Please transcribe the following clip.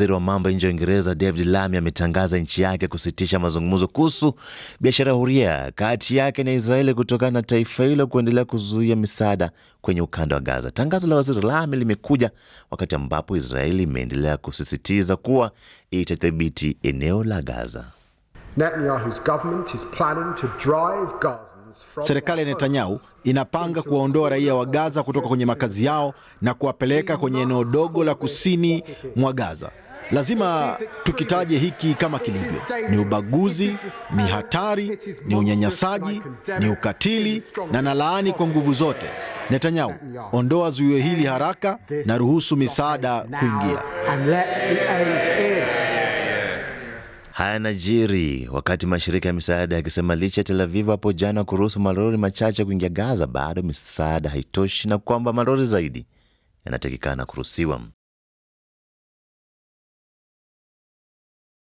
Waziri wa mambo ya nje ya Uingereza David Lammy ametangaza nchi yake kusitisha mazungumzo kuhusu biashara huria kati yake na Israeli kutokana na taifa hilo kuendelea kuzuia misaada kwenye ukanda wa Gaza. Tangazo la Waziri Lammy limekuja wakati ambapo Israeli imeendelea kusisitiza kuwa itadhibiti eneo la Gaza. Serikali ya Netanyahu inapanga kuwaondoa raia wa Gaza kutoka kwenye makazi yao na kuwapeleka kwenye eneo dogo la kusini mwa Gaza. Lazima tukitaje hiki kama kilivyo: ni ubaguzi, ni hatari, ni unyanyasaji, ni ukatili, na nalaani kwa nguvu zote. Netanyahu, ondoa zuio hili haraka na ruhusu misaada kuingia. Haya najiri wakati mashirika ya misaada yakisema licha ya Tel Aviv hapo jana kuruhusu malori machache kuingia Gaza, bado misaada haitoshi na kwamba malori zaidi yanatakikana kuruhusiwa.